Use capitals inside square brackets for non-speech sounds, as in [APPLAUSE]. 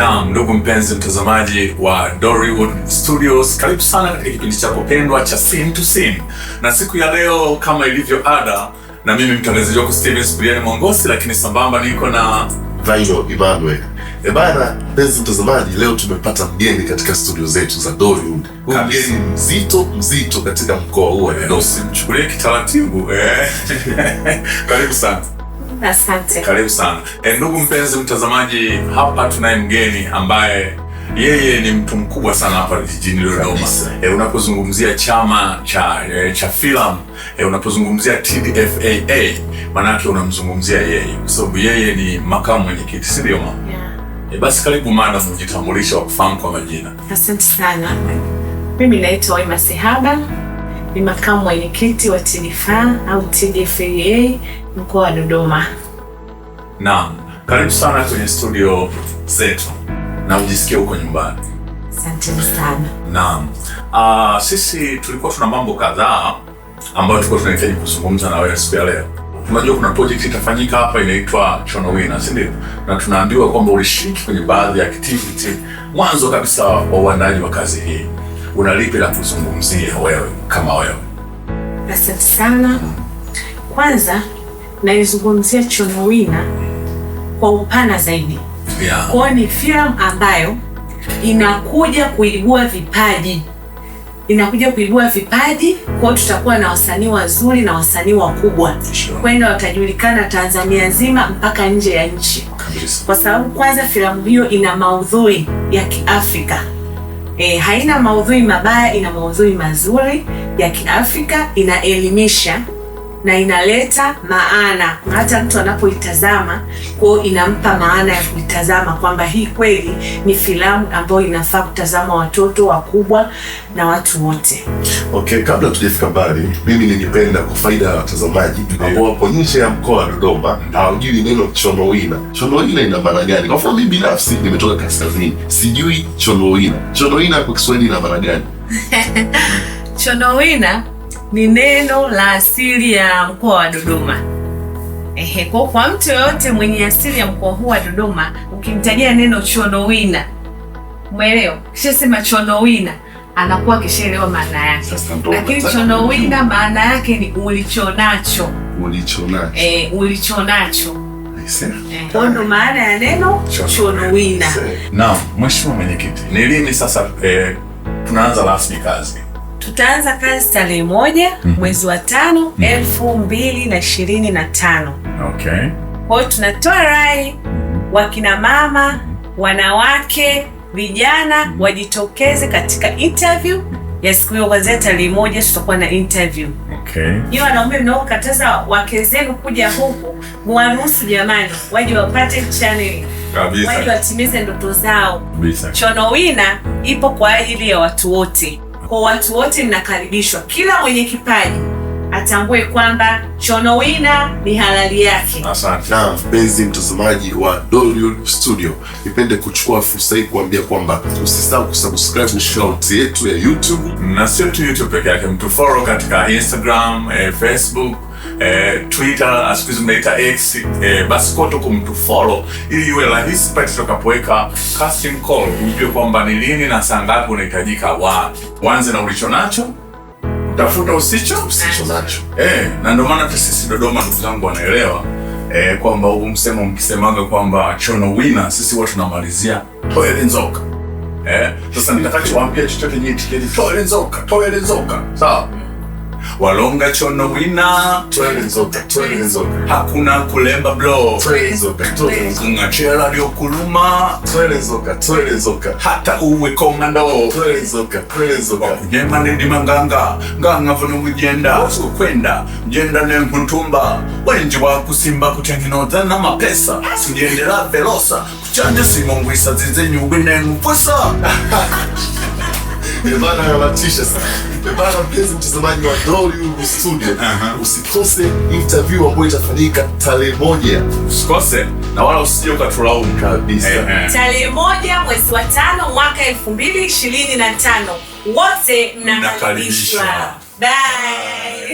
Na ndugu mpenzi mtazamaji wa Dollywood Studios, karibu sana katika kipindi chako pendwa cha Scene to Scene, na siku ya leo kama ilivyo ada, na mimi mtangazaji wako Steven Spuliani Mwangosi, lakini sambamba niko na Vairo Ibadwe. E eh, bana, mpenzi mtazamaji, leo tumepata mgeni katika studio zetu za Dollywood, mgeni mzito mzito katika mkoa huu wa Dar eh, Mchukulie kitaratibu. Eh. [LAUGHS] Karibu sana. Asante. Karibu sana. E, ndugu mpenzi mtazamaji, hapa tunaye mgeni ambaye yeye ni mtu mkubwa sana hapa jijini Dodoma. E, unapozungumzia chama cha e, cha filamu e, unapozungumzia TDFAA maanake unamzungumzia yeye kwa sababu yeye ni makamu mwenyekiti, si ndio mama? Yeah. E, basi karibu madam, ujitambulishe wa kufahamu kwa majina. Asante sana. Mimi naitwa Wema Sehaba, ni makamu mwenyekiti wa TDFA au TDFAA mkoa wa Dodoma. Naam, karibu sana kwenye studio zetu na ujisikie huko nyumbani. Asante sana. Naam. Uh, sisi tulikuwa tuna mambo kadhaa ambayo tulikuwa tunahitaji kuzungumza na wewe siku ya leo. Unajua kuna project itafanyika hapa inaitwa Chono Chonowina, si ndio? Na tunaambiwa kwamba ulishiriki kwenye baadhi ya activity mwanzo kabisa wa uandaji wa kazi hii. Una lipi la kuzungumzia wewe kama wewe? Asante sana. Mm. Kwanza naizungumzia Chunowina kwa upana zaidi yeah. Kwa ni filamu ambayo inakuja kuibua vipaji inakuja kuibua vipaji. Kwa tutakuwa na wasanii wazuri na wasanii wakubwa kwenda watajulikana Tanzania nzima mpaka nje ya nchi, kwa sababu kwanza filamu hiyo ina maudhui ya Kiafrika. E, haina maudhui mabaya, ina maudhui mazuri ya Kiafrika, inaelimisha na inaleta maana, hata mtu anapoitazama kwao inampa maana ya kuitazama kwamba hii kweli ni filamu ambayo inafaa kutazama watoto wakubwa na watu wote. Okay, kabla tujafika mbali, mimi ningependa kwa faida ya watazamaji ambao wapo nje ya mkoa wa Dodoma hawajui neno chonowina. chonoina ina maana gani? Kwa mfano mimi binafsi nimetoka kaskazini, sijui chonowina. chonoina kwa Kiswahili ina maana gani? [LAUGHS] chonoina ni neno la asili ya mkoa wa Dodoma. Ehe, kwa kwa mtu yoyote mwenye asili ya mkoa huu wa Dodoma, ukimtajia neno chonowina, umeelewa? Kishasema chonowina anakuwa akishaelewa maana yake, lakini chonowina maana yake ni ulichonacho, ulichonacho, eh, ulichonacho eh, ndo maana ya neno chonowina. Naam, mheshimiwa mwenyekiti, ni lini sasa eh, tunaanza rasmi kazi? tutaanza kazi tarehe moja mm -hmm. mwezi wa tano mm -hmm. elfu mbili na ishirini na tano. Okay. Kwa tunatoa rai mhm. wakinamama, mhm. wanawake, vijana mhm. wajitokeze katika interview ya siku hiyo kwanzia tarehe moja tutakuwa na interview. Okay. Hiyo wanaume mnaokataza wake zenu kuja huku mwaruhusu jamani waje wapate channel. waji Waje watimize ndoto zao. chono wina ipo kwa ajili ya watu wote kwa watu wote mnakaribishwa. Kila mwenye kipaji atambue kwamba Chonowina ni halali yake. Asante. Na mpenzi mtazamaji wa Dollywood Studio, nipende kuchukua fursa hii kuambia kwamba usisahau kusubscribe chaneli yetu ya YouTube, na sio tu YouTube peke yake, mtufollow katika Instagram, eh, Facebook eh, Twitter ah, siku hizi mnaita X eh, basi kote huko mtufollow, ili iwe rahisi pale tutakapoweka casting call, ujue kwamba ni lini na saa ngapi unahitajika wapi. Uanze na ulicho nacho, utafuta usicho usicho nacho eh, na ndio maana sisi Dodoma, ndugu zangu, wanaelewa eh, kwamba huu msemo mkisemaga kwamba chono wina, sisi huwa tunamalizia toele nzoka eh. Sasa nitakachowaambia chochote nyinyi, tiketi toele nzoka, toele nzoka, sawa walonga chono wina hakuna kulemba blo twelinzoka ngachela lyokuluma twelinzoka hata uwe komando twelinzoka twelinzoka wakunyema nidima nganga nganga vono kujenda kwenda njenda ne mpuntumba wenji wakusimba kutenginoza na mapesa sindiendela velosa kuchanja simongwisa zize nyubi ne mupwesa [LAUGHS] Ebana yanatisha sana. Ebana mpenzi mtazamaji wa Dollywood Studio. Usikose interview ambayo itafanyika tarehe moja. Usikose na wala usije ukatulaumu kabisa. Eh, eh. Tarehe moja mwezi wa tano mwaka 2025. Wote mnakaribishwa. Bye. Bye.